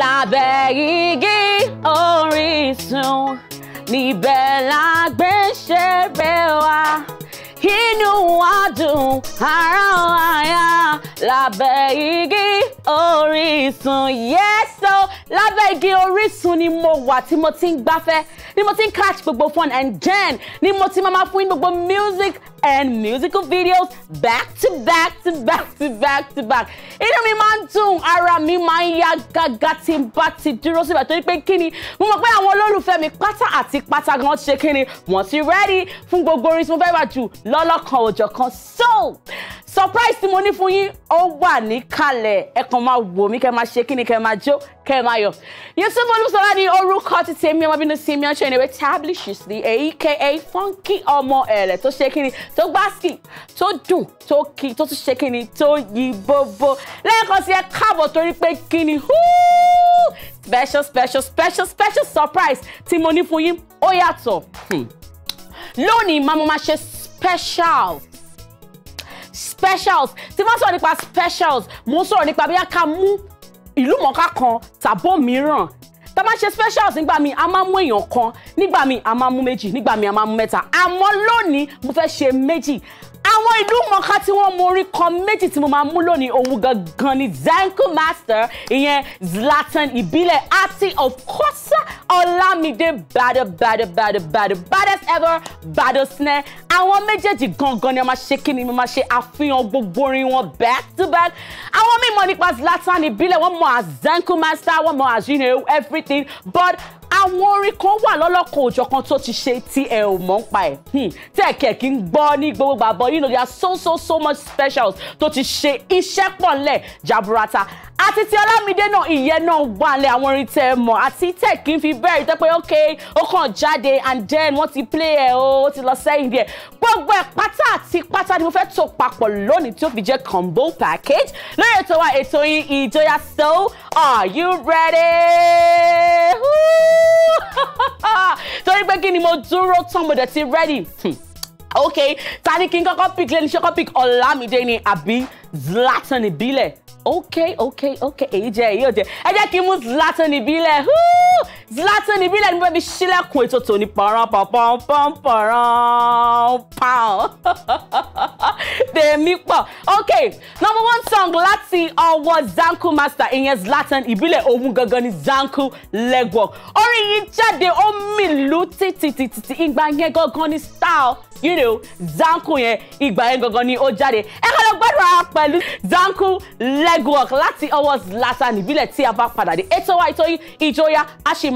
lábẹ́ igi Orísun níbẹ̀ la gbé ṣeré wa inú wa dùn ara wa yá lábẹ́ igi Orísun yẹ́sọ̀ lábẹ́ igi Orísun ni mo wà tí mo ti ń gbafẹ́ ni mo ti ń catch gbogbo fun and then ni mo ti máa fún yín gbogbo music and musical videos back to back to back to back to back. Inú mi máa ń dùn, ara mi máa ń yá gágá tí n bá ti dúró síbẹ̀ torí pé kí ni mo mọ̀ pé àwọn olólùfẹ́ mi pátá àti pátá gan ṣe kí ni wọ́n ti rẹ́dí fún gbogbo orin tí mo fẹ́ rà jù lọ́lọ́kan òjọ̀ kan. So surprise tí mo ní fún yín ó wà níkàlẹ̀ ẹ kàn máa wò mí kẹ́ máa ṣe kí ni kẹ́ máa jó kẹ́ máa yọ̀. Yusuf Olúṣọlá ni orúkọ ti tèmi ọmọ bínú sí mi ọ̀ṣẹ́ ìnáwó tábìlì ṣì sí èyí kẹ́ ẹ́ fọ́nkì ọmọ ẹ̀rẹ̀ tó ṣe tó gbásì tó dùn tó kí tó tún ṣe kíni tó yí bóbó lẹ́ẹ̀kan sí ẹ káàbọ̀ torí pé kíni special special special special surprise tí mo ní fún yín ó yàtọ̀ hmm. lónìí màá mo máa ṣe special specials tí bá sọ̀rọ̀ nípa specials mo sọ̀rọ̀ nípa bí a ká mú ìlú mọ̀ọ́ká kan tàbó mìíràn tá a bá ṣe specials nígbà mi a máa mú èèyàn kan nígbà mi a máa mú méjì nígbà mi a máa mú mẹ́ta àmọ́ lónìí mo fẹ́ ṣe méjì àwọn ìlú mọ̀ọ́ká tí wọ́n mú orí kan méjì tí mo máa mú lónìí òun gangan ni Zanku Master ìyẹn Zlatan Ìbílẹ̀ àti of course Olamide bada bada bada bada baddest ever baddest snare àwọn méjèèjì gangan ni a máa ṣe kí ni mo máa ṣe àfihàn gbogbo orin wọn back to back àwọn mímọ̀ nípa Zlatan ìbílẹ̀ wọ́n mọ̀ as Zenko master wọ́n mọ̀ as you everything but àwọn orin kan wà lọ́lọ́kọ̀ òjọ̀kan tó ti ṣe tí ẹ ò mọ̀ hmm, ń pa ẹ̀ tẹ́ẹ̀kẹ́ kí n gbọ́ ní gbogbo gbàgbọ́ you know there are so so so much specials tó ti ṣe iṣẹ́ pọ̀ ńlẹ̀ jaburata àti ti Ọlámídé náà ìyẹn náà wà lẹ̀ àwọn orin tẹ́ ẹ mọ̀ àti tẹ̀ kí n fi bẹ́ẹ̀rì tẹ́ pé ok ó kàn jáde and then wọ́n ti play ẹ̀ o ó ti lọ sẹ́yìn díẹ̀ gbogbo ẹ̀ pátá àti pátá ni mo fẹ́ tó papọ̀ lónìí tí ó fi jẹ́ combo package lórí ètò wa ètò yín ìjọyà so are you ready? torí pé kí ni mo dúró tán mo dẹ̀ ti ready. Hmm ok ta ni kí n kọ́kọ́ pick lẹ́ni ṣọ́kọ́ pick Ọlámídé ni àbí Zlatan Ìbílẹ̀ ok ok ok èyí jẹ́ èyí ò jẹ́ ẹ jẹ́ kí n mú Zlatan Ìbílẹ̀ Zlatan ní bílẹ̀ ní bẹ́ẹ̀ bí sílẹ̀kùn ètò tòní pọ̀rọ̀pọ̀pọ̀pọ̀pọ̀pọ̀ tèmi pọ̀ ok number one song láti ọwọ́ Zanku master ìyẹn Zlatan ìbílẹ̀ ohun gangan ni Zanku legwork orin yìí jáde ó mìlú títítítí ìgbà yẹn gangan ni style you know Zanku yẹn ìgbà yẹn gangan ni ó jáde ẹ kọ́ lọ gbàdúrà pẹ̀lú Zanku legwork láti ọwọ́ Zlatan ìbílẹ̀ tí a bá padà dé ètò wa ètò ìjọya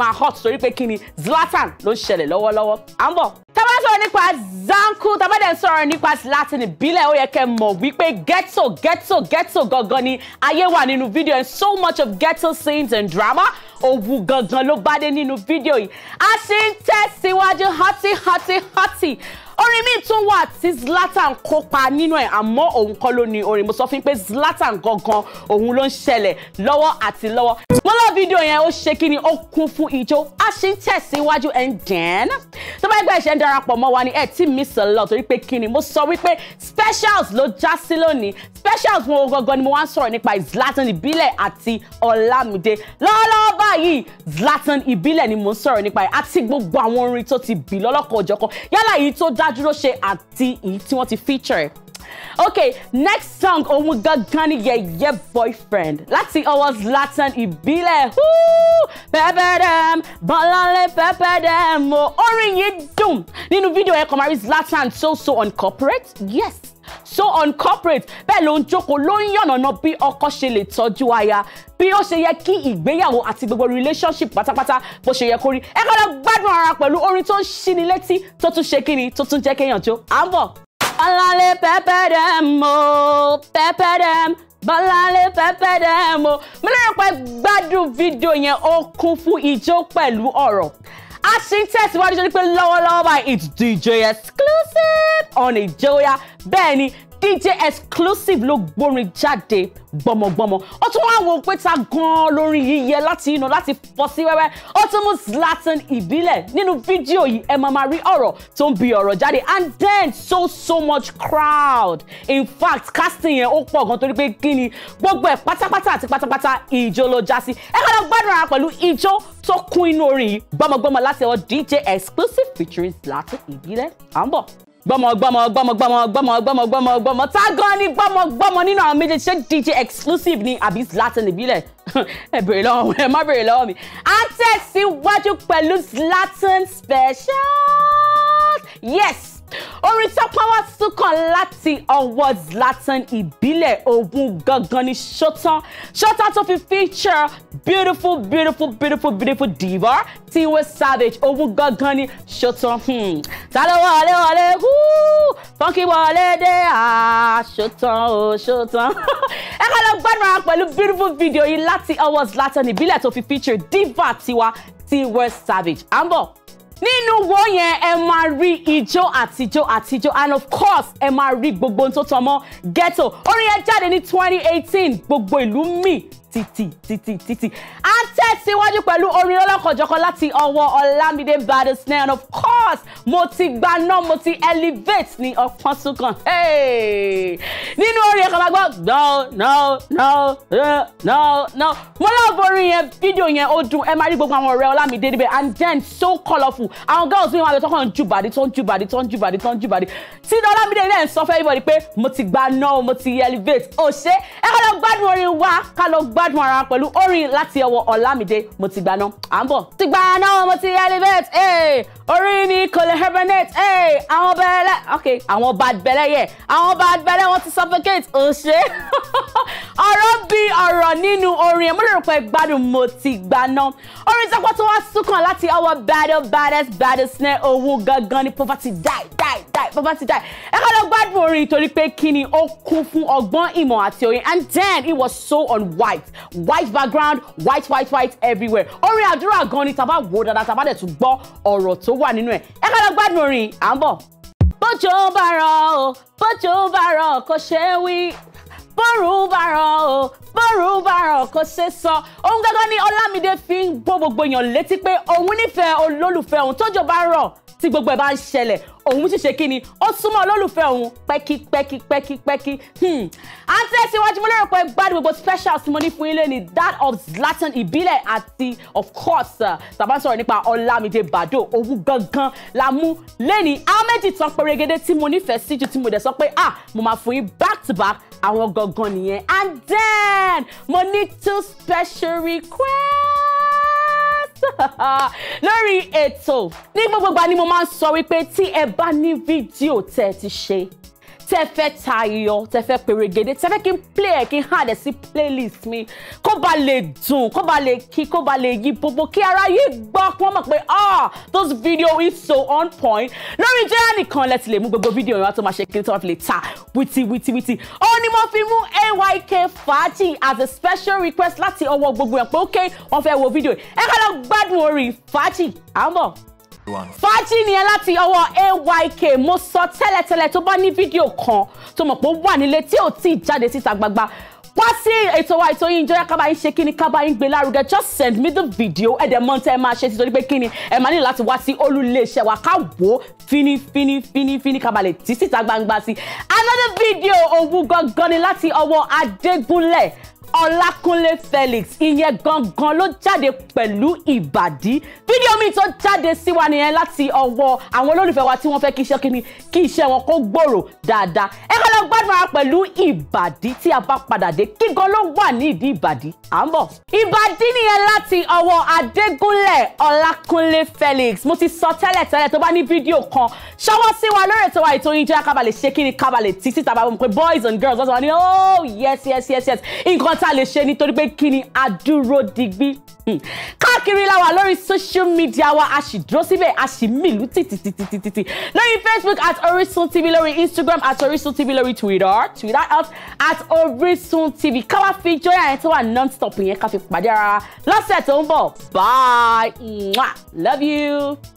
máa hot torí pé kíni Zlatan ló ń ṣẹlẹ̀ lọ́wọ́lọ́wọ́ à ń bọ̀. tábà sọ̀rọ̀ nípa zanku tábà dẹ̀ sọ̀rọ̀ nípa Zlatan ìbílẹ̀ ó yẹ kẹ́ mọ̀ wípé ghetto ghetto ghetto gangan ni ayé wà nínú fídíò and so much of ghetto scenes and drama òwú gangan ló bá dé nínú fídíò yìí a sì ń tẹ̀síwájú hoti hoti hoti orin mi tún wà tí Zlatan kópa nínú ẹ̀ àmọ́ òun kọ́ ló ní orin mo sọ fún pé Zlatan gangan òun ló ń ṣẹlẹ̀ lọ́wọ́ àti lọ́wọ́ mo lọ fídíò yẹn ó ṣe kí ni ó kún fún ijó a ṣì ń tẹ̀síwájú and then tó bá gbẹ́ ìṣẹ́ ń darapọ̀ mọ́ wa ni ẹ̀ tí mi sọ lọ torí pé kí ni mo sọ wípé specials ló já sí lónìí specials wọn gangan ni mo wá ń sọ̀rọ̀ nípa Zlatan ìbílẹ̀ àti Ọlámídé lọ́wọ́lọ́wọ́ báyìí Zlatan ìbílẹ̀ ni mo ń sọ̀rọ̀ nípa ẹ̀ àti gbogbo àwọn orin tó ti bì lọ́lọ́kọ̀ dádúró ṣe àti èyí tí wọ́n ti feature okay next song òun gangan ni yẹyẹ boyfriend láti ọwọ́ Zlatan ìbílẹ̀ pẹpẹdẹm Bọ́láńlé dem. o orin yìí dùn nínú fídíò ẹ kò máa rí Zlatan so so uncorporate yes so uncorporate bẹ́ẹ̀ ló ń jókòó ló ń yànnàná bí ọkọ ṣe lè tọ́jú aya bí ó ṣe yẹ kí ìgbéyàwó àti gbogbo relationship pátápátá bó ṣe yẹ kó rí ẹ kọ́ lọ gbádùn ara pẹ̀lú orin tó ń ṣíni létí tó tún ṣe kíni tó tún jẹ́ kéèyàn jó à ń bọ̀. Bọ́láńlé pẹ́pẹ́ dẹ̀ mọ́ pẹ́pẹ́ dẹ̀ mọ́ bọ́láńlé pẹ́pẹ́ dẹ̀ mọ́ mo lérò pé gbádùn fídíò yẹn ó kún fún ijó pẹ̀lú ọ̀rọ̀ a ṣì ń tẹ̀síwájú pé lọ́wọ́lọ́wọ́ by it's DJ exclusive on Ìjọ́yà bẹ́ẹ̀ ni DJ exclusive ló gbórin jáde gbọmọgbọmọ ó tún wá wo pé ta gan-an lórin yíyẹ láti inú láti fọ́ sí wẹ́wẹ́ ó tún mú Zlatan ìbílẹ̀ nínú fídíò yìí ẹ máa máa rí ọ̀rọ̀ tó ń bi ọ̀rọ̀ jáde and then so so much crowd in fact casting yẹn ó pọ̀ gan torí pé kí ni gbogbo ẹ̀ pátápátá àti pátápátá ìjó ló já sí ẹ kọ́ lọ gbádùn ara pẹ̀lú ìjó tó kún inú orin yìí gbọmọgbọmọ láti ọ DJ exclusive featuring Zlatan ìbílẹ̀ à ń bọ̀ gbọmọ gbọmọ gbọmọ gbọmọ gbọmọ gbọmọ gbọmọ gbọmọ tá gan ni gbọmọ gbọmọ nínú àwọn méjèèjì ṣé DJ exclusive ni àbí Zlatan ìbílẹ̀ ẹ bèrè lọ́wọ́ ẹ má bèrè lọ́wọ́ mi á tẹ̀síwájú pẹ̀lú Zlatan special yes orin tọ́pọ̀ wá tún kàn láti ọwọ́ Zlatan ìbílẹ̀ ogun gangan ni ṣótán ṣótán tó fi feature beautiful beautiful beautiful beautiful diva Tiwa Savage òun gangan ni ṣòtàn ta ló wọlé wọlé fọ́nkì wọlé dé ṣòtàn o ṣòtàn ẹ ká lọ gbádùn ara pẹ̀lú beautiful video yìí láti ọwọ́ Zlatan ìbílẹ̀ tó fi feature diva Tiwa Tiwa Savage à nínú wo yẹn ẹ máa rí ijó àtijó àtijó and of course ẹ máa rí gbogbo ohun tó tan mọ́ ghetto orin yẹn jáde ní twenty eighteen gbogbo ìlú mì títí títí títí a tẹ̀síwájú pẹ̀lú orin ọlọ́kọ̀jọ̀kan láti ọwọ́ Ọlámídé Badesne and of course course mo ti gbaná mo ti elevate ní ọpọ́n sunkan nínú orin ẹ̀ka máa gbọ́ no no no eh, no no mo lọ́ọ́ borí yẹn fídíò yẹn ó dùn ẹ máa rí gbogbo àwọn ọ̀rẹ́ ọlámídé níbẹ̀ and then so colourful àwọn girls mi wà lọ tọkàn ju bàdí tó ń ju bàdí tó ń ju bàdí tó ń ju bàdí tí ọlámídé náà ń sọ fẹ́ everybody pé mo ti gbaná mo ti elevate ó ṣe ẹ ká lọ gbádùn orin wa ká lọ gbádùn ara pẹ̀lú orin láti ọwọ́ ọlámídé mo ti gbaná à ń bọ̀ ti gbaná mo ti elevate orin mi ní coloherbinate hey, àwọn bẹ̀rẹ̀ ok àwọn bad bẹ̀rẹ̀ yẹ àwọn bad bẹ̀rẹ̀ wọn ti suffocate ò ṣe ọ̀rọ̀ bí ọ̀rọ̀ nínú orin ẹ̀mú lérò pé gbádùn mo ti gbaná orin sẹ́pọ̀ tó wá súnkàn láti ọwọ́ baddest baddest baddest snare òun gangan ni poverty die die die bó bá ti die ẹ kọ́ lọ gbádùn orin torí pé kíni ó kún fún ọgbọ́n ìmọ̀ àti oyin and then it was so on white white background white white white everywhere orin àdúrà gan ni tàbá wò dáadáa tàbá dẹ̀ tún gbọ́ ọ̀rọ̀ tó wà nínú ẹ̀ ẹ kọ́ lọ gbádùn orin à ń bọ̀. bójò bá rọ̀ o bójò bá rọ̀ kò ṣeé wí bọ́rùn bá rọ̀ o bọ́rùn bá rọ̀ kò ṣe sọ. ohun gángan ni Ọlámídé fi ń gbọ́ gbogbo èèyàn létí pé òun nífẹ̀ẹ́ olólùfẹ́ òun tójò bá rọ̀ tí gbogbo ẹ̀ bá ń ṣẹlẹ̀ òun sì ṣe kí ni ó súnmọ́ olólùfẹ́ òun pẹ́kípẹ́kípẹ́kípẹ́kí. Hmm. à ń tẹ̀síwájú mo lérò pé gbádùn gbogbo special tí mo ní fún yín lónìí that of Zlatan ìbílẹ̀ àti of course uh, tàbá sọ̀rọ̀ nípa Ọlámídé Bàdó owó gangan la mú lẹ́nìí àwọn méjì tán pérégedé tí mo nífẹ̀ẹ́ sí ju tí mo dẹ̀ sọ pé ah mo máa fún yín back to back àwọn gangan nìyẹn and then mo ní two special requests. lórí ètò ní gbogbo ìgbà ni mo máa ń sọ wípé tí ẹ bá ní fídíò tẹ́ ti ṣe tẹ́ fẹ́ tayọ tẹ́ fẹ́ pèrègede tẹ́ fẹ́ kí n play ẹ̀ kí n hàn ẹ̀ sí playlist mi kó ba lè dùn kó ba lè kí kó ba lè yí gbogbo kí aráyé gbọ́ kí wọ́n mọ̀ pé ah those video is so on point lórí jẹ́rẹ́ nìkan lẹ́tì lè mú gbogbo fídíò yẹn wá tó máa ṣe kí n tó wá fi lè ta wìtì wìtì wìtì ó ní mo fi mú ayk fàájì as a special request láti ọwọ́ gbogbo ẹ̀ pé ok wọ́n fẹ́ wo fídíò ẹ̀ ká lọ gbádùn orí fàájì àmọ́ fàájì nìyẹn láti ọwọ́ ayk mo sọ tẹ́lẹ̀tẹ́lẹ̀ tó bá ní fídíò kan tó mọ̀ pé ó wà nílé tí ò tí ì jáde síta gbagba wá sí ètò wa ètò yìí ìjọyà kábàáyí ṣe kí ni kábàáyí gbé lárugẹ just send me the video ẹ̀dẹ̀ mọ́ tẹ́ ẹ máa ṣe títorí pé kí ni ẹ máa ní láti wá sí olùléṣẹ́ wa ká wò ó fíní fíní fíní fíní kábàlẹ̀ tí síta gbangba sí another video òwú gangan ni láti ọwọ́ adégúnlẹ̀ Ọlákúnlé Felix ìyẹn gangan ló jáde pẹ̀lú ìbàdí fídíò mi tó jáde sí wa nìyẹn láti ọwọ́ àwọn olólùfẹ́ wa tí wọ́n fẹ́ kí iṣẹ́ kí ni kí iṣẹ́ wọn kó gbòòrò dáadáa ẹ kọ́ lọ gbádùn ara pẹ̀lú ìbàdí tí a bá padà dé kí gan ló wà ní ìdí ìbàdí à ń bọ̀. ìbàdí nìyẹn láti ọwọ́ Adégúnlẹ̀ Ọlákúnlé Felix mo ti sọ tẹ́lẹ̀ tẹ́lẹ̀ tó bá ní fídíò kan ṣọwọ́ sí wa lórí ètò wa ètò yín jẹ́ kábàlẹ̀ ṣe kí ni kábàlẹ̀ títí tàbá wọn pé boys and girls wọ́n sọ wọn ni oh yes yes yes yes nǹkan nǹkan lè ṣe nítorí pé kí ni adúró digbí. Hmm. káàkiri la wà lórí social media wa a sì dúró síbẹ̀ a sì mìlú tìtìtìtìtìtì lórí facebook at orisun tv lórí instagram at orisun tv lórí twitter twitter at at orisun tv káwá fi jọyà yẹn tó wà non-stop yẹn ká fi pàdé ara lọ́sẹ̀ tó ń bọ̀ bye love you.